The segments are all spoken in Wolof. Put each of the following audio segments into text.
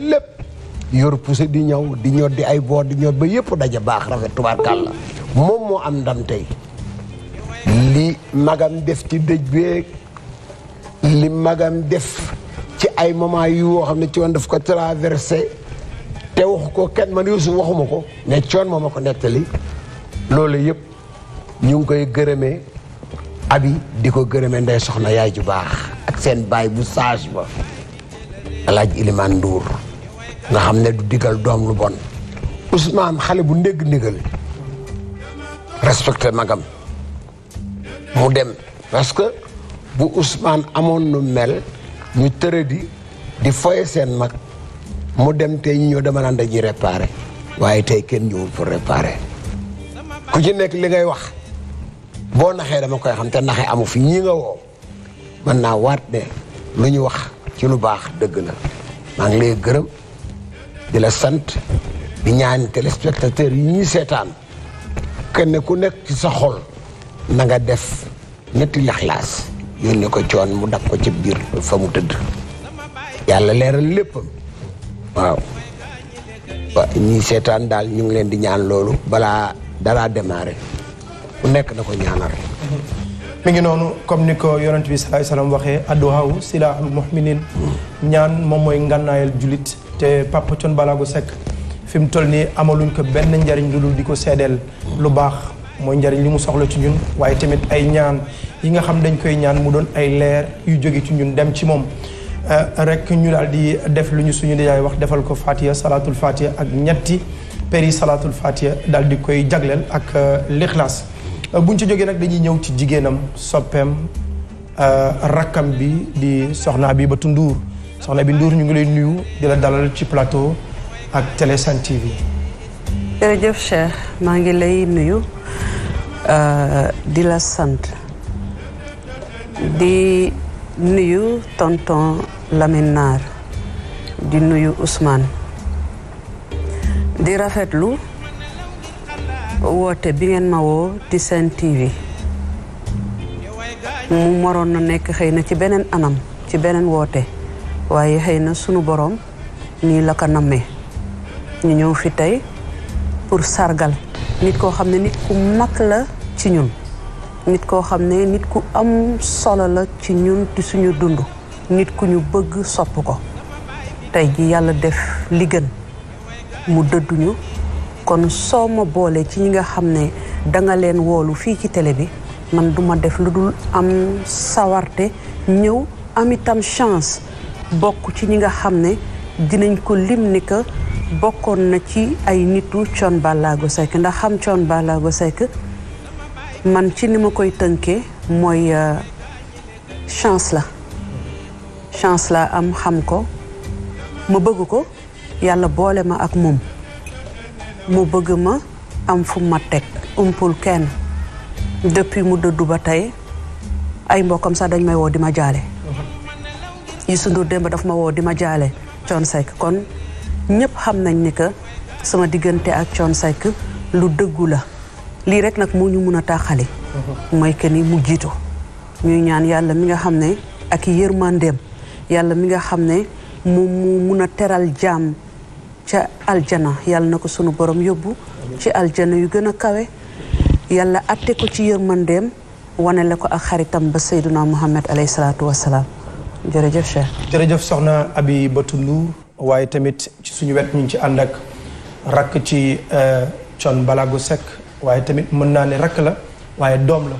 lépp yor poussé di ñaw di ñor di ay boor di ñor ba yëpp daje baax rafet tubaarkàlla moom moo am ndam tey li magam def ci dëj beeg li magam def ci ay moment yu woo xam ne ci woon ko traversé te waxu ko kenn man waxuma ko mais coon moom a ko nettali loole yëpp ñu ngi koy gërëmee abi di ko gërëme nday soxna yaay ju baax ak seen baay bu sage ba alaaj Ilimaan Nduur nga xam ne du diggal doom lu bon Ousmane xale bu ndég ndigal respecté magam mu dem parce que bu usmaan amoon nu mel ñu tëradi di foye seen mag mu dem tey ñu ñëw dama naan dañuy réparé waaye tey kenn ñëwul pour réparé ku ci nekk li ngay wax boo naxee dama koy xam te naxee amu fi ñi nga woo mën naa waat ne lu ñu wax ci lu baax dëgg na maa ngi lay gërëm di la sant di ñaan téléspectateurs yi ñuy seetaan kenn ku nekk ci sa xol na def ñetti laxlaas yónni ko coon mu dab ko ci biir fa mu tëdd yàlla leeral léppam waaw ñi seetaan daal ñu ngi leen di ñaan loolu balaa dara démarré ku nekk na ko ñaanal mi ngi noonu comme ni ko yonent bi salaay salaam waxee adduwaawu silaaxul mu'minin mm. ñaan moom mooy ngànnaayal jullit te Papa Thione Ballago Seck fi mu toll nii amaluñ ko benn njariñ lu dul di ko seddeel lu baax mooy njariñ li mu soxla ci ñun waaye tamit ay ñaan yi nga xam dañ koy ñaan mu doon ay leer yu jóge ci ñun dem ci moom eh, rek ñu daal di def lu ñu suñu dajaay wax defal ko fatiha salaatul fatiha ak ñetti péri salaatul fatiha daal di koy jagleel ak eh, lixlaas eh, buñ ci jógee nag dañuy ñëw ci jigéenam soppeem rakkam bi di soxnaa bi ba tunduur soxna bi Ndour ñu ngi lay nuyu di la dalal ci plateau ak Télé Sen TV. jërëjëf Cheikh maa ngi lay nuyu euh, di la sant di nuyu tonton Lamine di nuyu Ousmane di rafetlu woote bi ngeen ma woo di Sen TV mu moroon na nekk xëy na ci beneen anam ci beneen woote. waaye xëy na sunu borom nii la ko nammee ñu ñëw fi tey pour sargal nit koo xam ne nit ku mag la ci ñun nit koo xam ne nit ku am solo la ci ñun di suñu dund nit ku ñu bëgg sopp ko tey ji yàlla def li gën mu dëdduñu kon soo ma boole ci ñi nga xam ne danga leen woolu fii ci tele bi man duma def lu dul am sawarte ñëw am itam chance bokk ci ñi nga xam ne dinañ ko lim ni que bokkoon na ci ay nitu Thione Ballago Seck ndax xam Thione Ballago Seck man ci ni ma koy tënkee mooy euh, chance la chance la am xam ko ma bëgg ko yàlla boole ma ak moom mu bëgg ma am fu ma teg umpul kenn depuis mu dëddu ba tey ay mbokkam sax dañ may woo di ma jaale Youssou Ndour démb daf ma woo di ma jaale Thione Seck kon ñépp xam nañ ni que sama diggante ak Thione Seck lu dëggu la lii rek nag moo ñu mun a taaxali mhm. mooy que ni mu jiitu ñuy ñaan yàlla mi nga xam ne ak yërmandeem yàlla mi nga xam ne moom mu mun a teral jaam ca aljana yàlla na ko sunu borom yóbbu ci aljana yu gën a kawe yàlla atte ko ci yërmandeem wane la ko ak xaritam ba seyduna muhammad alayhi salaatu wasalaam jërëjëf Cheikh. jërëjëf soxna Abi Batou Ndour waaye tamit suñu wet ñu ngi ci ànd ak rakk ci eh, Thione Ballago Seck waaye tamit mën naa ne rakk la waaye doom la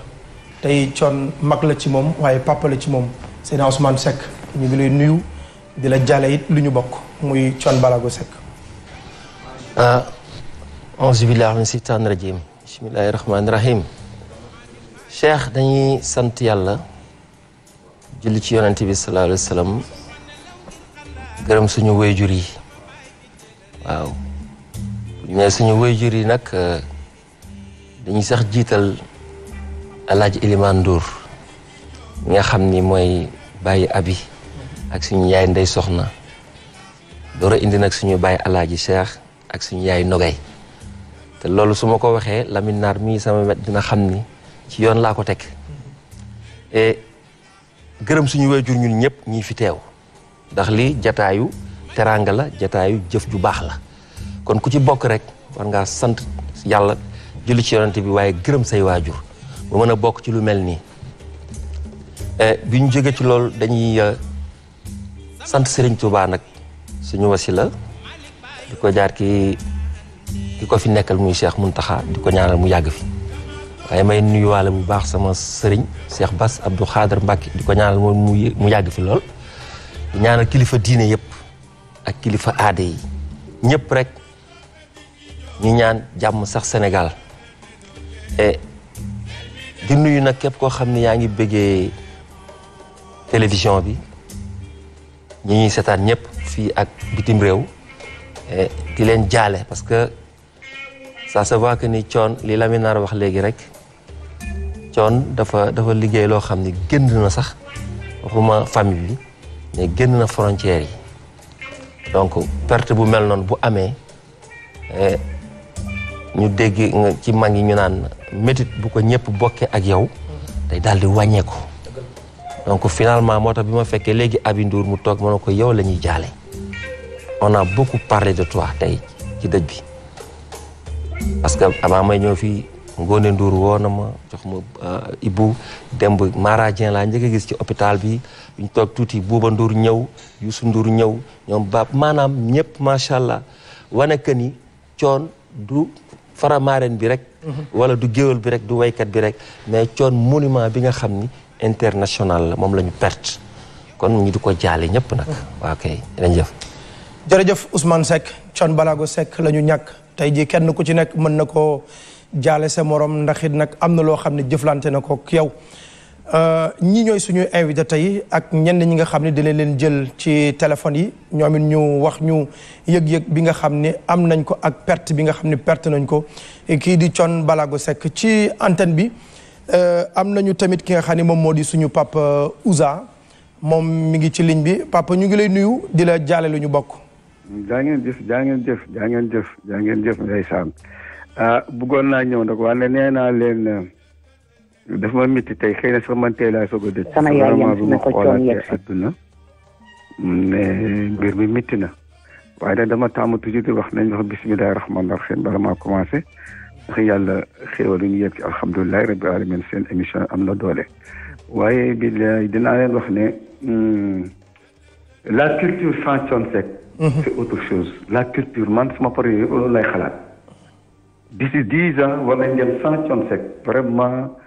tey Thione mag la ci moom waaye papa la ci moom Seydina Ousmane Seck ñu ngi lay nuyu di la jàlle it lu ñu bokk muy con Ballago Seck. ah. auzu billaahi mina seytaani rajiim bismillaahi rahmaani rahiim. Cheikh dañuy sant yàlla. julli ci yonent bi sallallahu alayhi wa sallam gërëm suñu wéyjur yi waaw mais suñu wéyjur yi nag euh, dañuy sax jiital alaaji Ilimaan Ndour mi nga xam ni mooy bàyyi abi ak suñu yaay ndey soxna doora indi nag suñu bàyyi alaaji Cheikh ak suñu yaay nogay te loolu su ma ko waxee Lamine Naar mii sama met dina xam ni ci yoon laa ko teg gërëm suñu waajur ñun ñëpp ñi fi teew ndax lii jataayu teraanga la jataayu jëf ju baax la kon ku ci bokk rek war ngaa sant yàlla julli ci yonante bi waaye gërëm say waajur mu mën a bokk ci lu mel nii eh, bi ñu jóge ci lool dañuy eh, sant sëriñ Touba nag suñu wasi la di ko jaar ki ki ko fi nekkal muy mun Mountakha di ko ñaanal mu yàgg fi waaye may nuyuwaale bu baax sama sëriñ Cheikh Bass Abdou Khader Mbacke di ko ñaanal moom mu yàgg fi lool di ñaanal kilifa diine yëpp ak kilifa aada yi ñëpp rek ñu ñaan jàmm sax Sénégal e di nuyu nag képp koo xam ne yaa ngi bëggee télévision bi ñi ñuy seetaan ñëpp fii ak bitim réew ki e leen jaale parce que ça se voit que ni coon li la mi nar wax léegi rek coon dafa dafa liggéey loo xam ne génn na sax waxuma famille bi mais génn na frontières yi donc perte bu mel noonu bu amee eh, ñu dégg ci mag yi ñu naan métit bu ko ñëpp bokkee ak yow day daal di wàññeeku donc finalement moo tax bi ma fekkee léegi Aby mu toog ma ne ko yow lañuy jaale on a beaucoup parlé de toi tey ci dëj bi parce que avant may ñëw fii Ngone Ndour woo na ma jox ma euh, Ibou Demb Mara Dieng laa njëkk a gis ci hôpital bi ñu toog tuuti Bouba Ndour ñëw Youssou Ndour ñëw ñoom baab maanaam ñëpp macha allah wane ni coon du faramaaren bi rek. Mhm. wala du géwél bi rek du waykat bi rek mais coon monument bi nga xam ni international la moom lañu ñu perte kon ñu di ko jaale ñëpp nag. waa kay jërëjëf. jërëjëf Ousmane Seck Thione Balago Seck la tey jii kenn ku ci nekk mën na ko jaale sa morom ndax it nag am na loo xam ne jëflante na ko yow euh, ñi ñooy suñuy invité tey ak ñenn ñi nga xam ne dinañ leen jël ci téléphone yi ñoom it ñu wax ñu yëg-yëg bi nga xam ne am nañ ko ak perte bi nga xam ne perte nañ ko kii di Thione Ballago sekk ci antenne bi euh, am nañu tamit ki nga xam ne moom moo di suñu papa euh, Ouza moom mi ngi ci ligne bi papa ñu ngi lay nuyu di la jaale lu ñu bokk. jaa ngeen jëf jaa ngeen jëf jaa ngeen jëf jaa ngeen ah bëggoon naa ñëw nag waaye nee naa leen daf ma métti tey xëy na sax man tey laa soog a dëkk. sama yaay yem si na ko coon yegg si mais mbir mi métti na. waaye nag dama taamu toujours di wax nañ wax bisimilah rahmaani rahiim bala maa commencé wax yàlla xéwal ñu yëpp ci alhamdulilah rabbi alamin seen émission am na doole. waaye bi dinaa leen wax ne hmm, la culture sans Thione Seck. c'est autre chose la culture man sama projet yëpp loolu lay xalaat. d'ici dix ans war nañ dem sans Thione Seck vraiment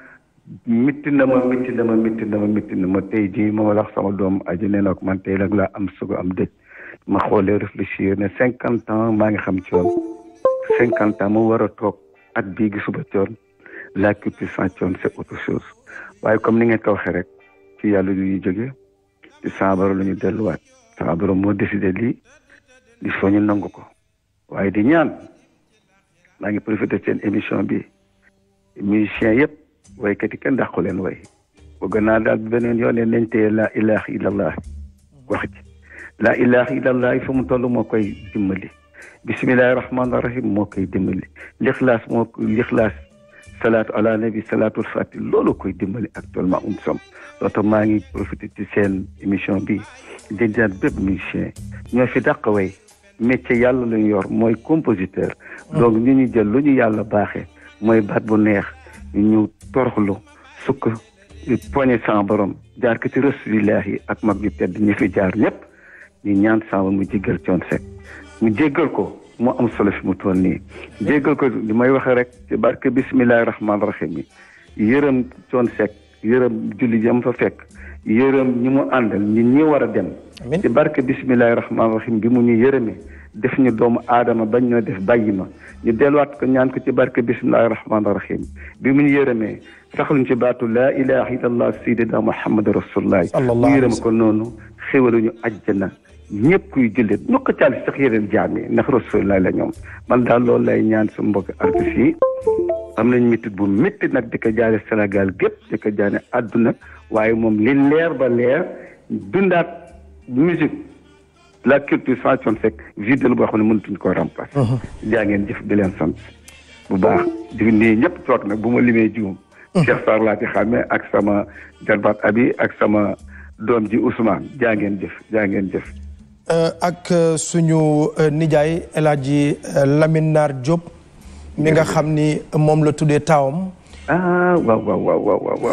mitti na ma mitti na ma mitti na ma mitti tey jii ma wax sama doom aji nee na ko man tey nag laa am sugu am dëj ma xoolee réfléchir ne cinquante ans maa ngi xam Thione cinquante ans moo war a toog at bii suba Thione la culture sans Thione c'est autre chose waaye comme ni ngeen ko waxee rek ci yàlla lu ñuy jóge ci saabaro lu ñu delluwaat saabaro moo décidé lii di soñu nangu ko di ñaan maa ngi profité seen émission bi musiciens yëpp waykat yi kenn dàqu leen way naa daal beneen yoon ne nañ téye laa ilaha illallah wax ci laa ilaha illallah fu mu toll moo koy dimbali bismillahi rahmaani moo koy dimbali lixlaas moo lixlaas salaatu ala nabi salaatul fati loolu koy dimbali actuellement um som loo maa ngi profit ci seen émission bi di ñaan bépp musicien ñoo fi dàq way métier yàlla lañ yor mooy compositeur. Mm. donc ñu ñu jël lu ñu yàlla baaxee mooy baat bu neex ñu ñëw toroxlu sukk poñe sans borom jaar ko ci yi ak mag yu tedd ñu fi jaar ñëpp ñu ñaan sàmm mu jéggal coon Seck mu jéggal ko mu am solo fi mu toll nii jéggal ko li may waxee rek ci barke bismillahi rahmaani rahim yi yërëm coon Seck yërëm julli jam fa fekk yërëm ñi mu àndal ñi ñi war a dem. amiin ci barke bisimilahi rahmaani rahim bi mu ñu yërëme def ñu doomu aadama bañ ñoo def bàyyi ma ñu delluwaat ko ñaan ko ci barke bisimilahi rahmaani rahim bi mu ñu yërëmee saxluñ ci baatu laa ilaha illallah sayyidina muhammad rasulullah ñu yërëm ko noonu xéwaluñu àjjana ñëpp kuy jullit nu ko caali sax yeneen ndax rasulullah la ñoom man daal lool lay ñaan su mbokk artistes yi am nañ métit bu métti nag di ko jaare Sénégal gépp di ko jaane àdduna waaye moom li leer ba leer dundaat musique la culture Thione Seck vide la boo xam ne mënatuñ koo uh-huh. jaa ngeen jëf di leen sant bu baax di nii ñëpp toog na bu ma limee juum. Uh-huh. Cheikh Sarr laa ci ak sama jarbaat abi ak sama doom ji Ousmane jaa ngeen jëf jaa ngeen jëf. Uh, ak uh, suñu uh, nijaay El Hadji Lamine Naar nga xam ni moom la tuddee taawam. ah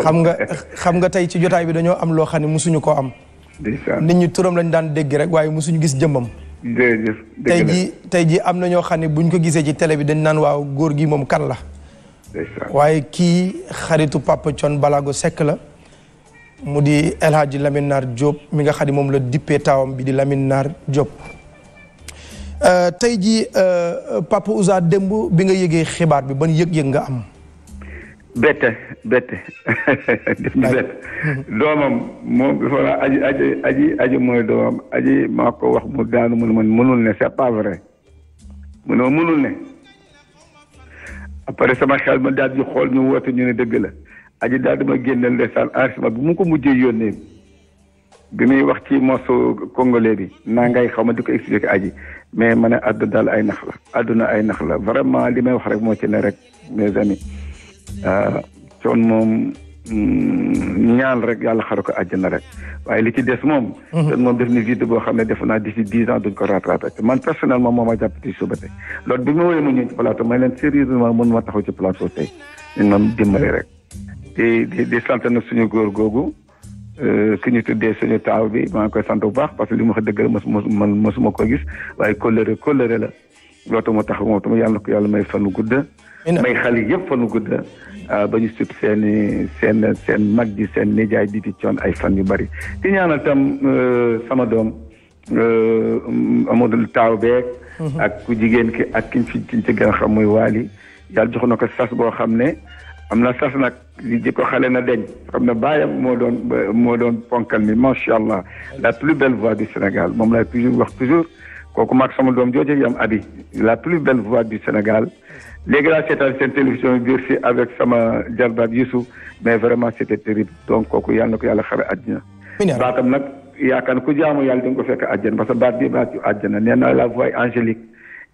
xam nga xam nga tey ci jotaay bi dañoo am loo xam ne mosuñu koo am. nit ñi turam lañu daan dégg rek waaye mosuñu gis jëmmam. jërëjëf tey jii tey am na ñoo xam ne buñ ko gisee ci télé bi dañ naan waaw góor gi moom kan la. waaye kii xaritu Papa Thione Balago Seck la. mu di El Hadji Lamine Naar Diop mi nga xam ne moom la dippee taawam bi di Lamine Naar Diop. Euh, tey jii euh, Papa Ouza démb bi nga yëgee xibaar bi ban yëg-yëg nga am. bette bette doomam moom bi fa aji aji aji aji mooy doomam aji maa ko wax mu daanu mun man mënul ne c'est pas vrai mu ne mënul ne après sama xel ma daal di xool ñu woote ñu ne dëgg la aji daal dama génneel ndeysaan enregistrement bi mu ko mujjee yónnee bi muy wax ci morceau congolais bi naa xaw ma di ko expliqué aji mais ma ne àdduna daal ay nax la àdduna ay nax la vraiment li may wax rek moo ci ne rek mes Euh, coon moom mm, ñaan rek yàlla xaru ko àjjana rek waaye li ci des moom. Mhm. coon moom def ni vide boo xam ne def naa d'ici dix ans duñ ko rattrapé man personnellement moom ma jàpp ti suba tey loolu bi ma woowee ma ñëw ci plateau may leen sérieusement mën ma taxaw ci plateau tey ñun moom rek. di di sant na suñu góor googu euh, ki ñu tuddee suñu taaw bi maa ngi koy sant bu baax parce que li ma wax dëgg la mosuma mosuma ko gis waaye kóllëre kóllëre la loolu ma tax moom tamit yàlla na yàlla may fan gudd. may xale yëpp fanu gudda ah, ba ñu sut seen i seen mag ji seen nijaay di coon ay fan yu bari di ñaanal tam euh, sama doom euh, Amadou taaw beeg mhm. ak ku jigéen ki ak ki fi kiñ ci a xam muy waali yàlla jox na ko sas boo xam ne am na sas nag li ji ko xale na deñ xam na baayam moo doon moo doon ponkal mi macha allah la plus belle voix du Sénégal moom laay toujours wax toujours kooku maag sama doom jooje yam abi la plus belle voix du Sénégal léegi laa seetaan seen télévision biir fii avec sama jarbaat Youssouf mais vraiment c'était terrible donc kooku yàlla na ko yàlla xare àddina baatam nag yaakaar ku jaamu ko fekk àjjana parce que baat bi baat yu àjjana nee naa la voix angélique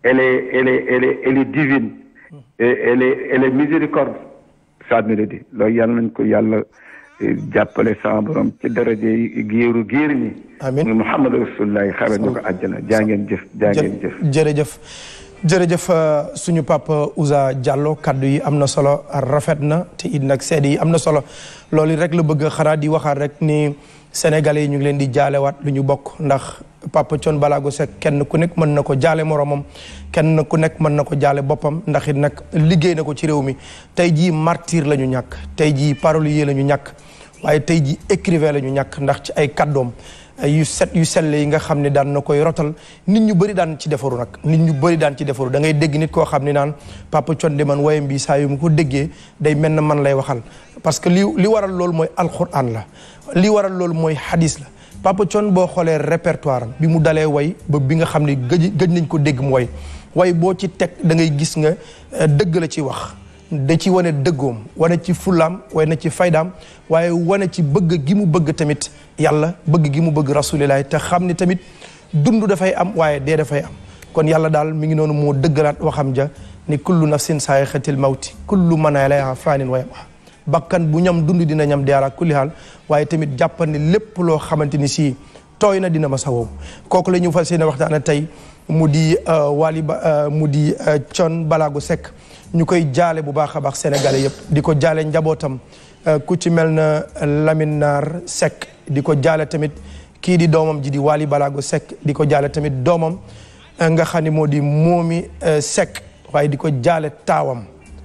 elle est elle est elle est elle est divine hmm. et est elle est miséricorde sa mélodie loolu yàlla nañ ko yàlla eh, jàppale sama borom ci daraje géeru géer ñi amiin Muhammadu Rasulullah xare ñu ko àjjana jaa ngeen jëf jaa ngeen jëf jërëjëf jërëjëf euh, suñu papa Ouza Diallo kàddu yi am na solo rafet na te it nag seede yi am na solo loolu rek la bëgg xanaa di waxaat rek ni sénégal yi ñu ngi leen di jaalewaat lu ñu bokk ndax papa Thione Balago Seck kenn ku nekk mën na ko jaale moroomam kenn ku nekk mën na ko jaale boppam ndaxit it nag liggéey na ko ci réew mi tey jii martyr la ñu ñàkk tey jii parolier la ñu ñàkk waaye tey jii écrivain la ñu ñàkk ndax ci ay kaddoom yu set yu sell yi nga xam ne daan na koy rotal nit ñu bëri daan ci defaru nag nit ñu bëri daan ci defaru dangay dégg nit koo xam ni naan papa Conde man wayam bi saa yu mu ko déggee day mel na man lay waxal parce que li li waral loolu mooy alquran la li waral loolu mooy hadis la papa Thione boo xoolee répertoire bi mu dalee way ba bi nga xam ne gëj gëj nañ ko dégg mu way way boo ci teg da ngay gis nga euh, dëgg la ci wax da ci wane dëggoom wane ci fulaam na ci faydaam waaye wane ci bëgg gi mu bëgg tamit yàlla bëgg gi mu bëgg rasulilahi te xam ni tamit dund dafay am waaye dee dafay am kon yàlla daal mi ngi noonu moo dëggalaat waxam ja ni kullu nafsin saayixatil mawti kullu man alayha faanin wa yabqa bakkan bu ñam dund dina ñam dee ala kulli haal waaye tamit jàppal lépp loo xamante ni si tooy na dina ma sa wow kooku la ñu fas yéene waxtaane tey mu di euh, Wally ba euh, mu di euh, Thione Ballago Seck ñu koy jaale bu baax a baax sénégalais yëpp di ko jaale njabootam euh, ku ci mel na Lamine Naar Seck di ko jaale tamit kii di doomam ji di Waly Balago sekk di ko jaale tamit doomam euh, nga xam ne moo di Momi euh, Seck waaye di ko jaale taawam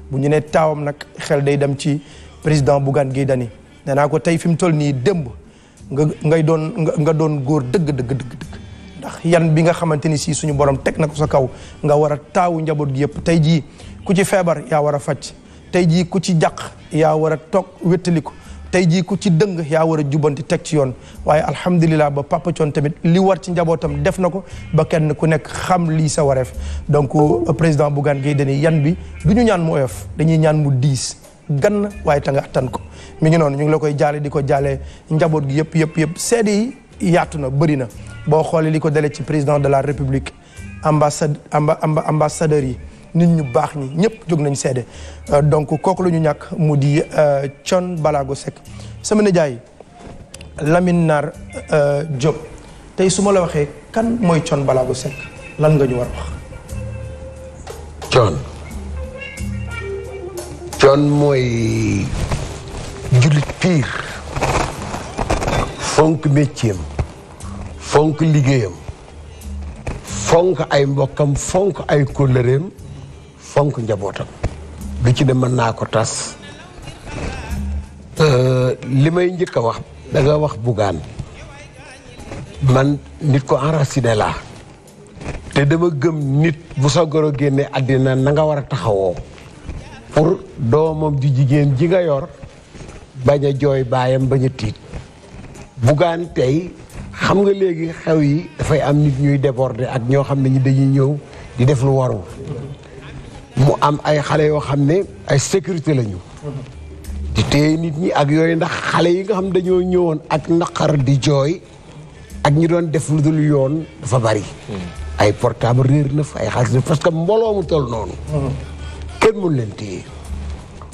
bu ñu nee taawam nag xel day dem ci président Bougane Gueye Dany nee naa ko tey fi mu toll nii démb nga ngay doon nga doon góor dëgg dëgg dëgg tax yan bi nga xamante ni si suñu borom teg na ko sa kaw nga war a taawu njaboot gi yëpp tey jii ku ci feebar yaa war a faj tey jii ku ci jàq yaa war a toog ko tey jii ku ci dëng yaa war a jubanti teg ci yoon waaye alhamdulilah ba papa coon tamit li war ci njabootam def na ko ba kenn ku nekk xam lii sa wareef donc euh, président bu Bougane gi Dany yan bi du ñu ñaan mu oyof dañuy ñaan mu diis gann waaye ta nga attan ko mu ngi noonu ñu ngi la koy jaale di ko jaale njaboot gi yëpp yëpp yëpp seede yi yaatu na bëri na boo xoolee li ko dalee ci président de la république ambassade amba ambassadeurs yi nit ñu baax ñi ñëpp jóg nañ seede euh, donc kooku la ñu ñàkk mu di euh, Thione Ballago Seck sama nijaay Lamine Nar euh, Diop tey su ma la waxee kan mooy Thione Ballago Seck lan nga ñu war a wax Thione Thione mooy jullit piir fonk métier am fonk liggéeyam fonk ay mbokkam fonk ay kóllëreem fonk njabootam lu ci ne man naa ko tas euh, li may njëkk a wax danga nga wax bugaan man nit ko enraciné laa te dama gëm nit bu sa goro génne àddina na nga war a taxawoo pour doomam ju jigéen ji nga yor bañ a jooy baayam bañ a tiit bugaan tey xam nga léegi xew yi dafay am nit ñuy déborder ak ñoo xam ne ñi dañuy ñëw di def lu warul mu am ay xale yoo xam ne ay sécurité lañu di téye nit ñi ak yooyu ndax xale yi nga xam dañoo ñëwoon ak naqar di jooy ak ñi doon def lu dul yoon dafa bari hmm. ay portable réer na fa ay xaalis parce que mbooloo mu toll noonu hmm. kenn mun leen téye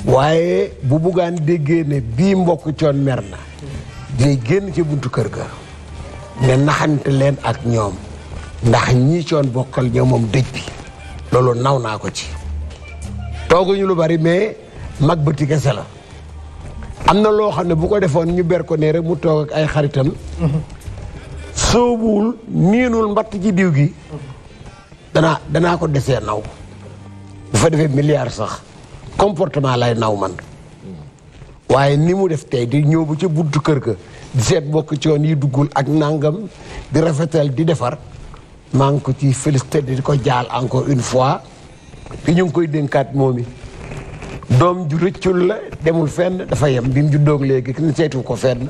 waaye bu buggaan déggee ne bii mbokk coon mer na day génn ca buntu kër ga nga naxante leen ak ñoom ndax ñii coon bokkal ñoom moom dëj bi loolu naw naa ko ci tooguñu lu bari mais mag bëti kese la am na loo xam ne bu ko defoon ñu ber rek mu toog ak ay xaritam soobuwul niinul mbatt ci diw gi danaa danaa ko desee naw bu fa defee milliard sax comportement lay naw man waaye ni mu def tey di ñëw bu ca buntu kër ga seet bokk ci yoon yi duggul ak nangam di rafetal di defar maa ngi ko ci félicité di ko jaal encore une fois te ñu ngi koy dénkaat moom i doom ju rëccul la demul fenn dafa yem bi mu juddoog léegi kenn seetu ko fenn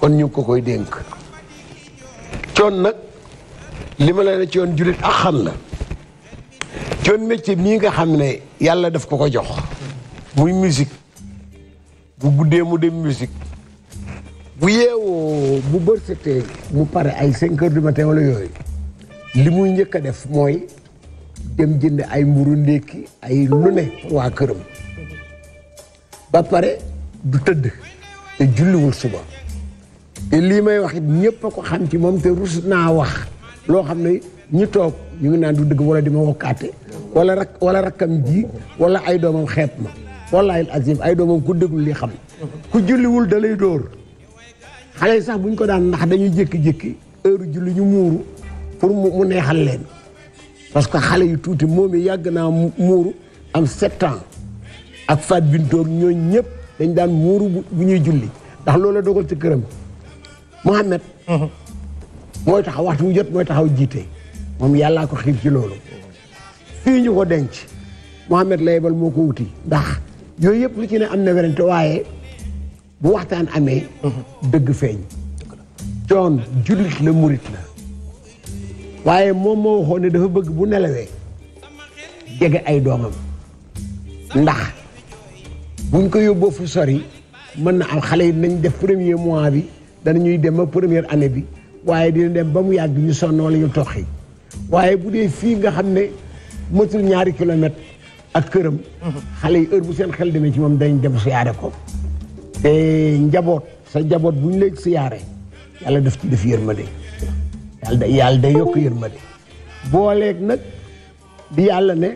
kon ñu ko koy dénk coon nag li ma la ne coon jullit ak xam la coon métier mii nga xam ne yàlla def ko ko jox muy musique guddee mu dem musique bu yeewoo bu bërsëtee mu pare ay cinq heures du matin wala yooyu li muy njëkk a def mooy dem jënd ay mburu ndékki ay lu ne pour waa këram ba pare du tëdd te julliwul suba te lii may wax it ñëpp a ko xam ci moom te rus naa wax loo xam ne ñi toog ñu ngi naan du dëgg wala di ma wokkaate wala rak wala rakkam ji wala ay doomam xeet ma wallaahi azim ay doomam ku déglu li xam ku julliwul da dóor xale yi sax bu ñu ko daan ndax dañuy jékki-jékki heure julli ñu muuru pour mu neexal leen parce que xale yi tuuti moom yi yàgg naa muuru am sept ans ak Fat Bintoog ñooñ ñëpp dañ daan muuru bu ñuy julli ndax loolu la dogal ci këram Mohamed mhm. mooy taxaw waxtu mu jot mooy taxaw jiite moom yàllaa ko xiir ci loolu fii ñu ko denc Mohamed laybal moo ko wuti ndax yooyu yëpp lu ci ne am na werante waaye bu waxtaan amee dëgg feeñ coon jullit la murit la waaye moom moo waxoon ne dafa bëgg bu nelawee jege ay doomam ndax buñ ko yóbboo fu sori mën na am xale yi nañ def premier mois bi danañuy dem ba premier année bi waaye dina dem ba mu yàgg ñu sonn wala ñu toxi waaye bu dee fii nga xam ne matul ñaari kilomètre ak këram xale yi heure bu seen xel demee ci moom dañ dem siyaare ko njaboot sa njaboot bu ñu lay siyaare yàlla daf ci def yërmande yàlla yàlla de yokk yërmande booleeg nag di yàlla ne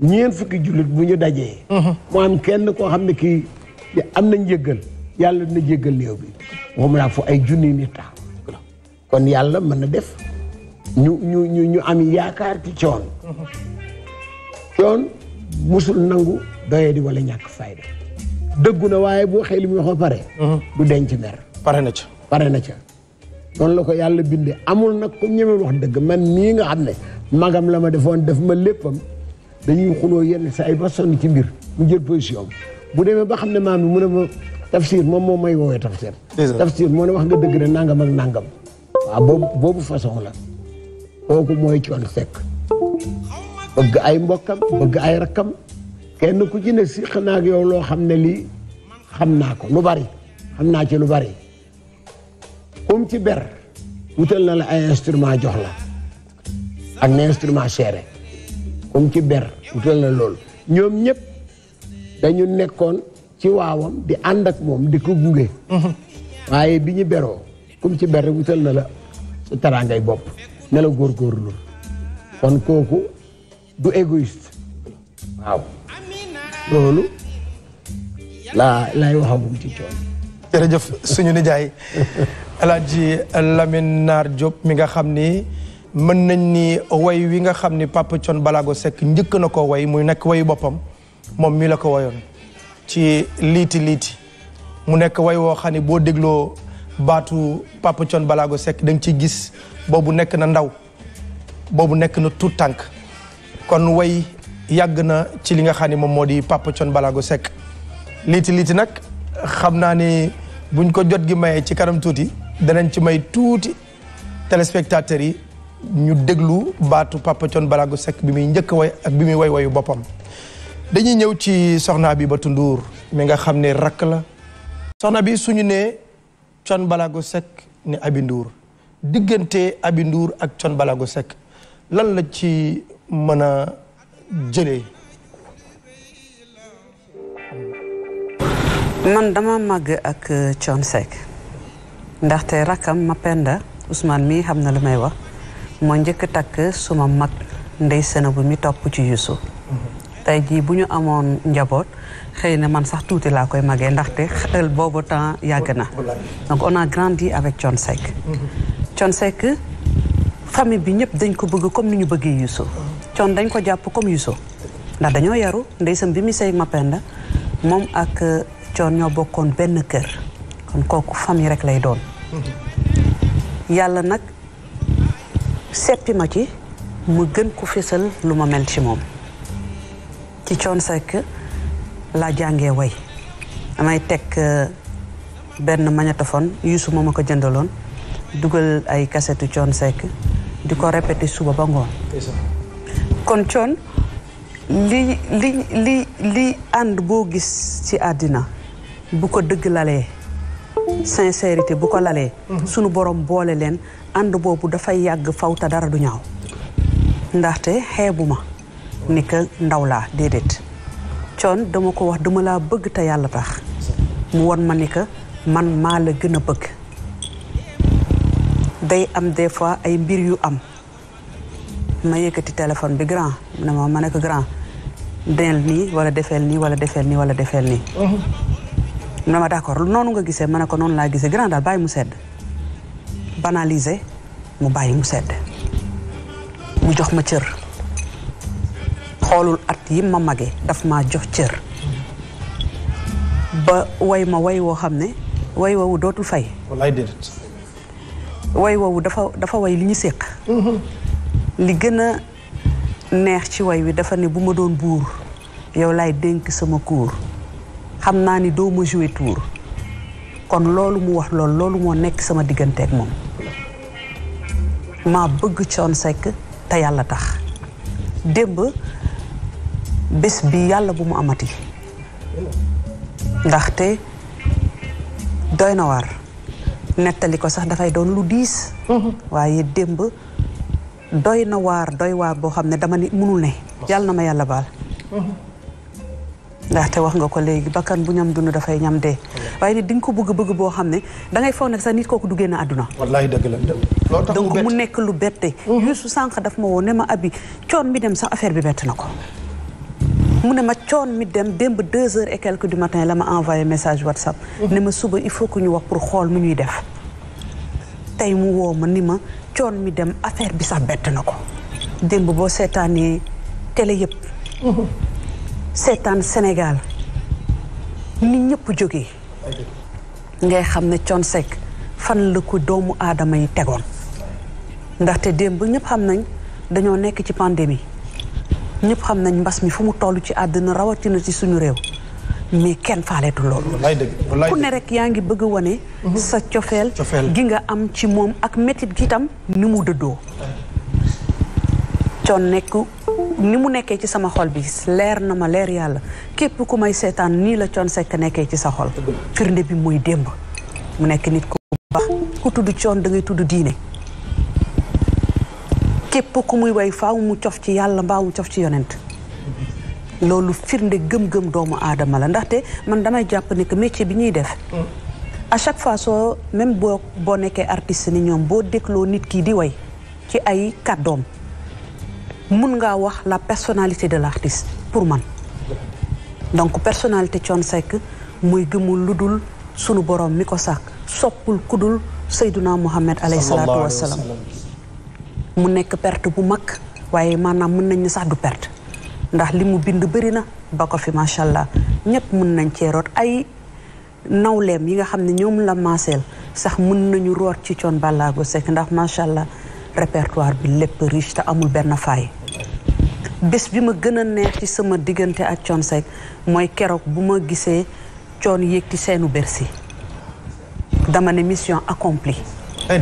ñeent fukki jullit bu ñu dajee moo mhm. am kenn koo xam ne kii am na njëggal yàlla dina jéggal néew bi waxuma laa fu ay junni nit kon yàlla mën na def ñu ñu ñu ñu am yaakaar ci coon mhm. coon musul nangu doye di ñàkk fayda dëggu na waaye bu waxee li muy wax pare. bu mhm. denc mer. pare na ca pare na ca. noonu la ko yàlla bindee amul nag ku ñemewul wax dëgg man nii nga xam ne magam la ma defoon def ma léppam dañuy xuloo yenn saa yi ba sonn ci mbir mu jël position bu demee ba xam ne maam bi mu ne ma tafsir moom moom may woowee tafsir. tafsir moo ne wax nga dëgg ne nangam ak nangam. waaw boobu boobu façon la kooku mooy coon sekk bëgg ay mbokkam bëgg ay rakkam. kenn ku ci ne si xanaa yow loo xam ne lii xam naa ko lu bari xam naa ci lu bari comme ci ber wutal na la ay instrument jox la ak na instrument chéré comme ci ber wutal na lool ñoom ñëpp dañu nekkoon ci waawam di ànd ak moom di ko gunge waaye bi ñu beroo comme ci ber wutal na la sa taraangay bopp ne la góorgóorlu kon kooku du égoïste loolu laa laay waxagum ci coon jërëjëf suñu nijaay Alaaji Lamine Naar Diop mi nga xam ni mën nañ ni way wi nga xam ni Papa Thione Balago sekk njëkk na ko way muy nekk wayu boppam moom mi la ko wayoon ci liiti liiti mu nekk way woo xam ni boo dégloo baatu Papa Thione Balago sekk dañ ci gis boobu nekk na ndaw boobu nekk na tuut tànk kon way yàgg na ci li nga xam ni moom moo di Papa Thione Balago sekk liiti liiti nag xam naa ni buñ ko jot gi mayee ci kanam tuuti danañ ci may tuuti téléspectateurs yi ñu déglu baatu Papa Thione Balago sekk bi muy njëkk way ak bi muy way wayu boppam dañuy ñëw ci soxna bi ba tunduur mi nga xam ne rakk la soxna bi suñu nee Thione Balago Seck ne Aby diggante abinduur Ndour ak Thione Balago Seck lan la ci mën a jëlee. man dama màgg ak euh, Thione Seck ndaxte ma Mapenda Ousmane mii xam na lu may wax moo njëkk takk suma mag ndey sena bu mi topp ci Youssou mhm. tey jii bu ñu amoon njaboot xëy na man sax tuuti laa koy magee ndaxte xel boobu temps yàgg na donc on a grandi avec Thione Seck mhm. Thione bi ñëpp dañ ko bëgg comme ni ñu bëggee Youssou coon dañ ko jàpp comme Youssou ndax dañoo yaru ndeysam bi mu sey Mapenda moom ak euh, coon ñoo bokkoon benn kër kon kooku famille rek lay doon yàlla nag seppi ma ci mu gën ko fésal lu ma mel ci moom ci coon sekk laa jàngee way damay teg euh, benn magnétophone Youssou moom a ko jëndaloon dugal ay kasetu coon sekk di ko répété suba ba ngoon kon coon li li li ànd boo gis ci àddina bu ko dëgg lalee sincérité bu ko lalee mhm. sunu borom boole leen ànd boobu dafay yàgg fawta dara du ñaaw ndaxte xeebu ma ni ndaw laa déedéet coon dama ko wax duma laa bëgg te yàlla tax mu won ma ni ka man maa la gën a bëgg day am des fois ay mbir yu am ma yëkkati téléphone bi grand ne ma ma ko grand del nii wala defeel nii wala defeel nii wala defeel nii. Oh. ne ma d'accord noonu nga gisee ma ne ko noonu laa gisee grand daal bàyyi mu sedd banaliser mu bàyyi mu sedd mu jox ma cër xoolul at yi ma magee daf ma jox cër ba way ma way woo xam ne way woowu dootul fay. wallaay déedéet. way dafa dafa way li ñu séq. Mm-hmm. li gën a neex ci way wi dafa ne bu ma doon buur yow laay dénk sama kuur xam naa ni doo ma joué tour kon loolu mu wax loolu moo nekk sama diggante ak moom maa bëgg Thione Seck te yàlla tax démb bés bi yàlla bu mu amati ndaxte doy na war nettali ko sax dafay doon lu diis mhm. waaye démb doy na waar doy waar boo xam ne dama ni munul ne yàlla na ma yàlla baal mhm. ndaxte wax nga ko léegi bakkan bu ñam dund dafay ñam de mhm. waaye ne di nga ko bëgg-bëgg boo xam ne da ngay ne sax nit kooku du génn àdduna wallaahi dëgg la loo mu nekk lu bette mhm. Youssou sànq daf ma woo ma abi coon mi dem sax affaire bi bett na ko mu ne ma coon mi dem démb deux heures et quelques du matin la ma envoyé message whatsapp ne ma suba il faut que ñu wax pour xool mu ñuy def tey mu woo ma ni ma coon mi dem affaire bi sax bett na ko démb boo seetaanee tele yëpp seetaan Sénégal ni ñëpp jóge ngay xam ne Thione Seck fan la ko doomu aadama yi tegoon ndaxte démb ñëpp xam nañ dañoo nekk ci pandémie ñëpp xam nañ mbas mi fu mu toll ci àddina rawatina ci suñu réew mais kenn faaleetu loolu ku ne rek yaa ngi bëgg a wane mhm. sa cofeel gi nga am ci moom ak métit gi tam ni mu dëddoo coon nekk ni mu nekkee ci sama xol bi leer na ma leer yàlla képp ku may seetaan nii la coon sekk nekkee ci sa xol firnde bi muy démb mu nekk nit ku tudd coon dangay tudd diine képp ku muy woy faaw mu cof ci yàlla mbaa mu cof ci yonent loolu firnde gëm-gëm doomu aadama la ndaxte man damay jàpp ni que métier bi ñuy def. à chaque fois soo même boo boo nekkee artiste ni ñoom boo dégloo nit kii di way ci ay kàddoom mun ngaa wax la personnalité de l' artiste pour man. donc personnalité Thione Seck muy gëmul lu dul sunu borom mi ko sàkk soppul kudul Seyduna Muhammad alayhi salaatu wa salaam mu nekk perte bu mag waaye maanaam mun nañ ne sax du perte. ndax li mu bind bëri na ba ko fi macha allah ñëpp mun nañ cee root ay nawleem yi nga xam ne ñoom la maaseel sax mun nañu root ci coon bàllaago sekk ndax macha allah répertoire bi lépp riche te amul benn faay. bés bi ma gën a neex ci sama diggante ak coon sekk mooy keroog bu ma gisee coon yéeg ci seenu bersi dama ne mission accomplie. Eh,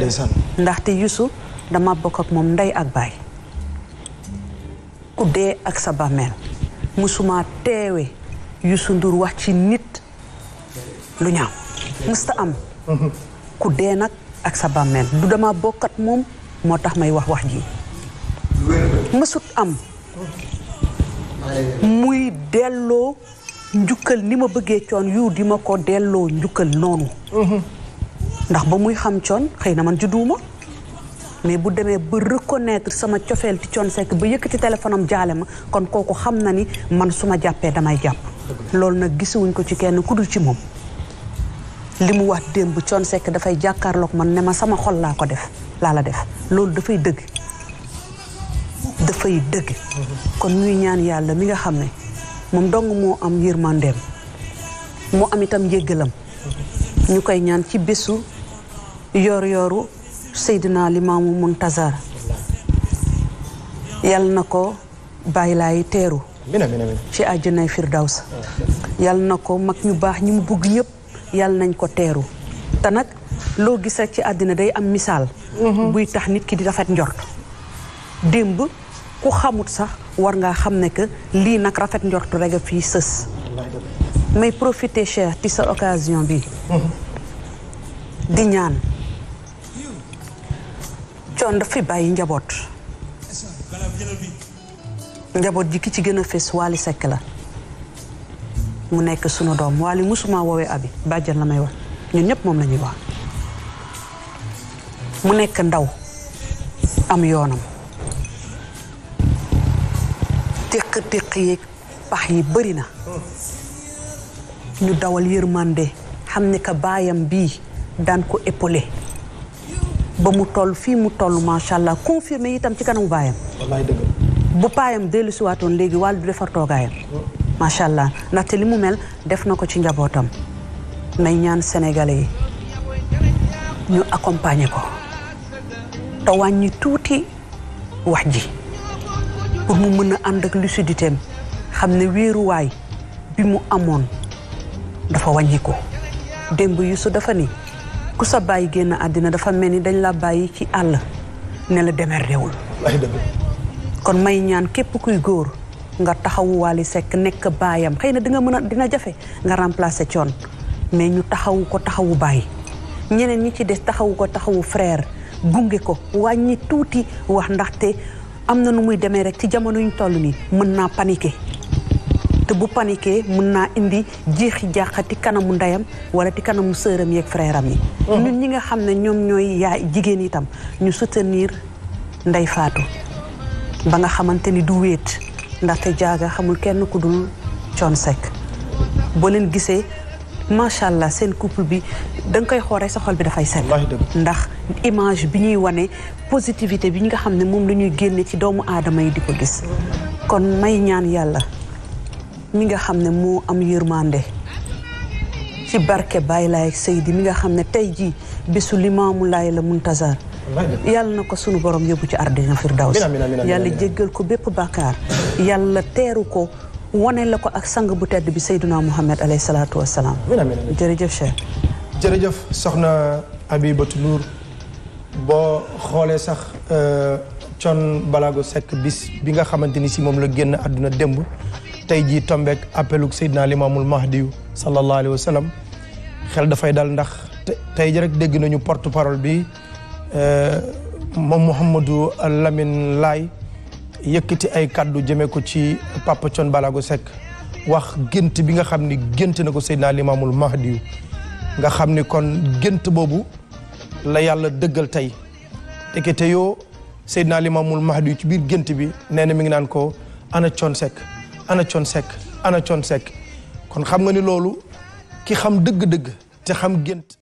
ndaxte Youssou dama bokk ak moom ndey ak baay. ku ak sa bàmmeel musuma teewe Youssou Ndour wax ci nit lu ñaaw musta am ku dee nag ak sa bàmmeel du dama bokkat moom moo tax may wax wax ji mësut am muy delloo njukkal ni ma bëggee coon yu di ma ko delloo njukkal noonu ndax ba muy xam coon xëy na man judduwuma mais bu demee ba reconnaître sama cofeel ci Thione Seck ba yëkkati téléphone am jaale ma kon kooku xam na ni man suma jàppee damay jàpp loolu nag gisuwuñ ko ci kenn ku dul ci moom li mu wax démb Thione Seck dafay jàkkaarloog man ne ma sama xol laa ko def laa la def loolu dafay dëgg dafay dëgg kon ñuy ñaan yàlla mi nga xam ne moom dong moo am yërmandeem mu am itam yëggalam ñu koy ñaan ci bésu yor yooru Seydina Limaamu Muntazar yal na ko bàyyi laay teeru ci àjjanay Firdaws yal na ko mag ñu baax ñi mu bugg ñépp yal nañ ko teeru te nag loo gis rek ci àddina day am misaal mhm. buy tax nit ki di rafet njort démb ku xamut sax war nga xam ne lii nag rafet njort rek a fii sës may profiter cher ci sa occasion bi mhm. di ñaan coon dafa bàyyi njaboot njaboot ji ki ci gën a fés Wally Seck la mu nekk sunu doom Wally musuma woowee abi bàjjan la may wax ñun ñëpp moom la wax mu nekk ndaw am yoonam téq-téq yeeg pax yi bëri na ñu dawal yërmande xam ne ka baayam bii daan ko épaulé ba mu toll fii mu toll macha allah confirmé itam ci kanamu baayam. bu paayam dellusiwaatoon léegi wàllu du defar toogaayam. macha allah ndaxte li mu mel def na ko ci njabootam. nay ñaan sénégalais yi ñu accompagner ko te wàññi tuuti wax ji pour mu mën a ànd ak lucidité am xam ne wéeruwaay bi mu amoon dafa wàññi ko démb Youssou dafa ni ku sa bàyyi génn àddina dafa mel ni dañ la bàyyi ci àll ne la demer réewul kon may ñaan képp kuy góor nga taxawu Wally sekk nekk baayam xëy na di nga mën a dina jafe nga remplacer coon mais ñu taxawu ko taxawu baay ñeneen ñi ci des taxawu ko taxawu frère gunge ko wàññi tuuti wax ndaxte am na nu muy demee rek ci jamono ñu toll nii mën naa paniquer. te bu paniqué mën naa indi jeexi jaaxati kanamu ndeyam wala ti kanamu sëram yeeg frère am yi. Mhm. ñun ñi nga xam ne ñoom ñooy yaay jigéen itam ñu soutenir Ndeye Fatou ba nga xamante ni du wéet ndaxte jaaga xamul kenn ku dul Thione Seck boo leen gisee. macha allah seen couple bi da koy xooree sa xol bi dafay set ndax image bi ñuy wane positivité bi ñu nga xam ne moom lañuy génne ci doomu aadama yi di ko gis mhm. kon may ñaan yàlla mi nga xam ne moo am yërmande ci barke bàyyi Laay Seydi mi nga xam ne tey jii bésu limaamu laay la muntazar yàlla na ko sunu boroom yóbbu ci ardina firdaws yàlla jéggal ko bépp bàkkaar yàlla teeru ko wane la ko ak sang bu tedd bi Seydina Muhammad alayhi salaatu wassalaam jërëjëf Cheikh jërëjëf soxna Abibatou Nour boo xoolee sax Thione euh, Ballago Seck bis bi nga xamante ni si moom la génn àdduna démb tey jii tombeek appeluk Seydina Limaamul Mahdiyu sallallahu alayhi wa sallam xel dafay dal ndax tey jii rek dégg nañu porte parole bi euh, moom Mouhamadou Lamine Laay yëkkati ay kaddu jëmee ko ci Papa Thione Balago Seck wax gént bi nga xam ni gént na ko Seydina Limaamul Mahdiyu nga xam ni kon gént boobu la yàlla dëggal tey te yoo Seydina Limaamul Mahdiyu ci biir gént bi nee na mi ngi naan ko ana Thione Seck ana Thione Seck ana kon xam nga ni loolu ki xam dëgg-dëgg te xam gént